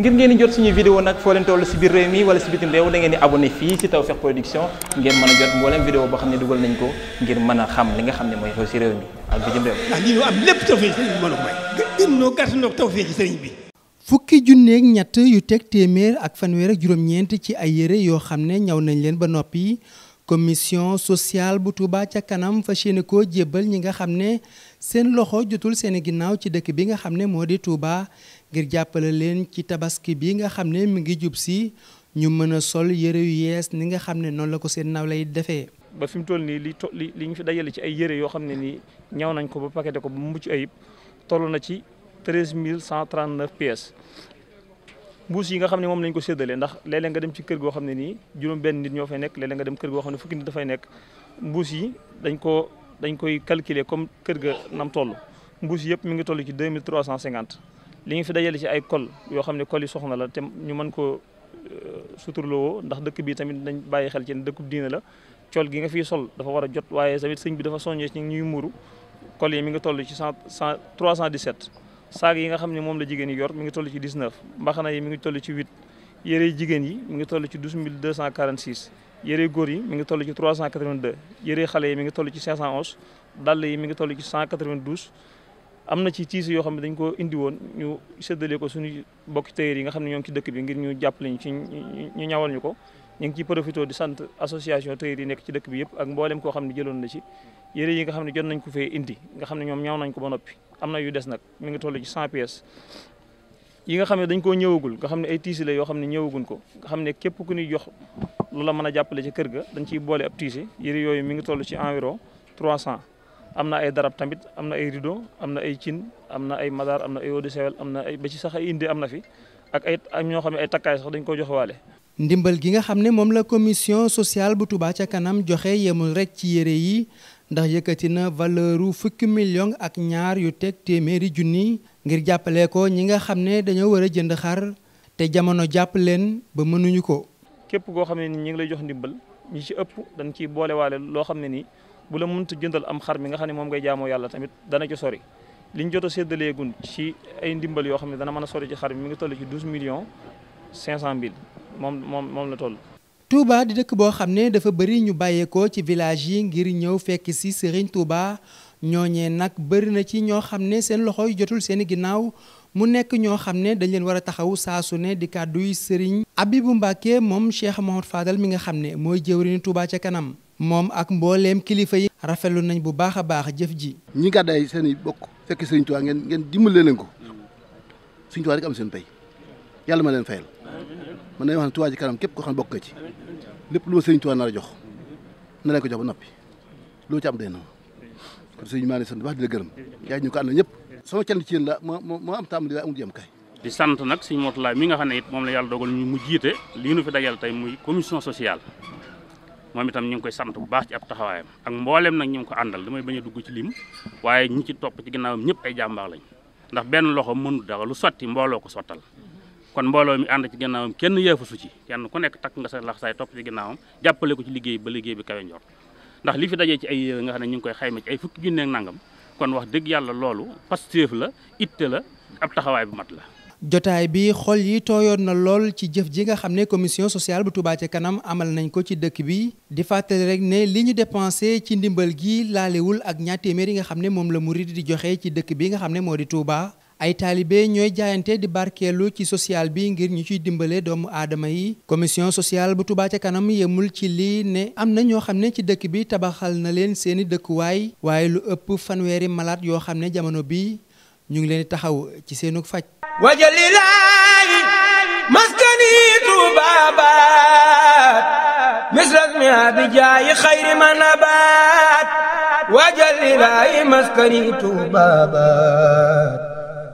ngir ngeen di jot suñu vidéo nag foo leen toll si biir réew mi wala si bitim réew da ngeen di abonné fii si Tawfekh Production ngeen mën a jot mboolem vidéo boo xam ne dugal nañ ko ngir mën a xam li nga xam ne mooy xew si réew mi ak bitim réew. ndax lii bi mën a noo gàtt noo tawfeex sëriñ bi. fukki junneeg ñett yu teg téeméer ak fanweer ak juróom-ñeent ci ay yére yoo xam ne ñaw nañ leen ba noppi commission sociale bu Touba ca kanam fas yéene koo jébbal ñi nga xam ne seen loxo jotul seen ginnaaw ci dëkk bi nga xam ne moo di Touba ngir jàppale leen ci tabaski bi nga xam ne mu ngi jub si ñu mën a sol yére yu yees ni nga xam ne noonu la ko seen naw lay defee. ba fi mu toll nii li to li ñu fi dajale ci ay yëre yoo xam ne nii ñaw nañ ko ba paqueté ko ba mu mucc ayib toll na ci treize mille cent trent neuf ps mbuus yi nga xam ne moom lañ ko séddalee ndax léeg-léeg nga dem ci kër goo xam ne nii juróom benn nit ñoo fay nekk léeg-léeg nga dem kër goo xam ne fukki nit dafay nekk mbuus yi dañ ko dañ koy calculer comme kër ga nam toll mbuus yëpp mu ngi toll ci 2350 li ñu fi dajale ci ay col yoo xam ne col yi soxna la te ñu mën ko euh, suturloo ndax dëkk bi tamit dañ bàyyi xel ci ne dëkkub diina la col gi nga fiy sol dafa war a jot waaye tamit sëñ bi dafa soññee ci ñuy muuru col yi mi ngi toll ci 100 317 saag yi nga xam ne moom la jigéen yi yor mi ngi toll ci 19 mbaxana yi mi ngi toll ci 8 yére jigéen yi mi ngi toll ci 12246 yére góor yi mi ngi toll ci 382 yére xale yi mi ngi toll ci 511 dàll yi mi ngi toll ci 192 am na ci tiis yoo xam ne dañ ko indi woon ñu séddale ko suñu bokki tailleur yi nga xam ne ñoom ci dëkk bi ngir ñu jàppale ñu ci ñu ñawal ñu ko ñu ngi ci profité di sant association tailleur yi nekk ci dëkk bi yëpp ak mboolem ko xam ne jëloon na ci yére yi nga xam ne jot nañ ko fee indi nga xam ne ñoom ñaw nañ ko ba noppi am na yu des nag mi ngi toll ci 100 pièces yi nga xam ne dañ koo ñëwagul nga xam ne ay yoo xam ne ñëwaguñ ko nga xam ne képp ku ñuy jox lu la mën a jàppale ci kër ga dañ ciy boole ab tiisi yëre yooyu mi ngi toll ci environ 300 am na ay darab tamit am na ay rideau am na ay cin am na ay madar am na ay eau de sewel ay ba sax ay indi am na fi ak ay am ñoo xam ne ay takkaay sax dañ ko joxewaale ndimbal gi nga xam ne moom la commission sociale bu Touba ca kanam joxe yemul rek ci yére yi ndax yëkkati na valeuru fukki million ak ñaar yu teg téeméeri junni ngir jàppale ko ñi nga xam ne dañoo war a jënd xar te jamono jàpp leen ba mënuñu ko. képp koo xam ne ni ñi ngi lay jox ndimbal ñi ci ëpp dañ ciy boolewaale loo xam ne nii bu la mënut jëndal am xar mi nga xam ne moom ngay jaamoo yàlla tamit dana ci sori. li ñu jot a séddaleegun ci ay ndimbal yoo xam ne dana mën a sori ci xar mi mi ngi toll ci douze millions cinq mille moom moom moom la toll. Touba di dëkk boo xam ne dafa bari ñu bàyyeekoo ci village yi ngir ñëw fekk si Serigne Touba ñooñee nag bëri na ci ñoo xam ne seen loxo yu jotul seen i ginnaaw mu nekk ñoo xam ne dañ leen war a taxawu saa su ne di kàdduy Serigne Abibou Mbacke moom Cheikh Mouhamed Fadal mi nga xam ne mooy jëwriñu Touba ca kanam moom ak mbooleem kilifa yi. rafetlu nañ bu baax a baax jëf ji. ñi gàddaay seen i bokk fekk Serigne Touba ngeen ngeen dimbale leen ko suñ Touba rek am seen pay yàlla ma leen fayal. man nañu wax ne Touba Ca Kanam képp ko xam ne bokk ci lépp lu ma sëriñ Touba nar a jox na la ko jox ba noppi loo ci am day na kon sëriñ maa ngi sant wax di gërëm yaay ñu ñëpp sama cant ci yéen la moo moo am di sant nag sëriñ Mourtalla mi nga xam ne it moom la yàlla dogal ñu mu jiite lii nu fi dajal tey muy commission sociale moom itam ñu ngi koy sant bu baax ci ab taxawaayam ak mbooleem nag ñu ngi ko àndal damay bañ a dugg ci lim waaye ñi ci topp ci ginnaawam ñëpp ay jàmbaar lañ ndax benn loxo mënut dara lu sotti mbooloo ko sottal kon mbooloo mi ànd ci ginnaawam kenn yeefasu ci kenn ku nekk takk nga sa laxsaay topp ci ginnaawam jàppale ko ci liggéey ba liggéey bi kawe njor ndax li fi dajee ci ay nga xam ne ñu ngi koy xayma ci ay fukki junneeg nangam kon wax dëgg yàlla loolu pastéef la itte la ab taxawaay bu mat la jotaay bi xool yi tooyoon na lool ci jëf ji nga xam ne commission sociale bu Touba ca kanam amal nañ ko ci dëkk bi di fàttali rek ne li ñu dépensé ci ndimbal gi laalewul ak ñaar téeméer yi xam ne moom la murid di joxe ci dëkk bi nga xam ne moo di Touba ay taalibe ñooy jaayante di barkeelu ci social bi ngir ñu ciy dimbalee doomu aadama yi commission sociale bu Touba ca kanam yemul ci lii ne am na ñoo xam ne ci dëkk bi tabaxal na leen seeni dëkkuwaay waaye lu ëpp fanweeri malaat yoo xam ne jamono bi ñu ngi leen taxaw ci seenu faj wajalilaayi maskani tuubaabaat misras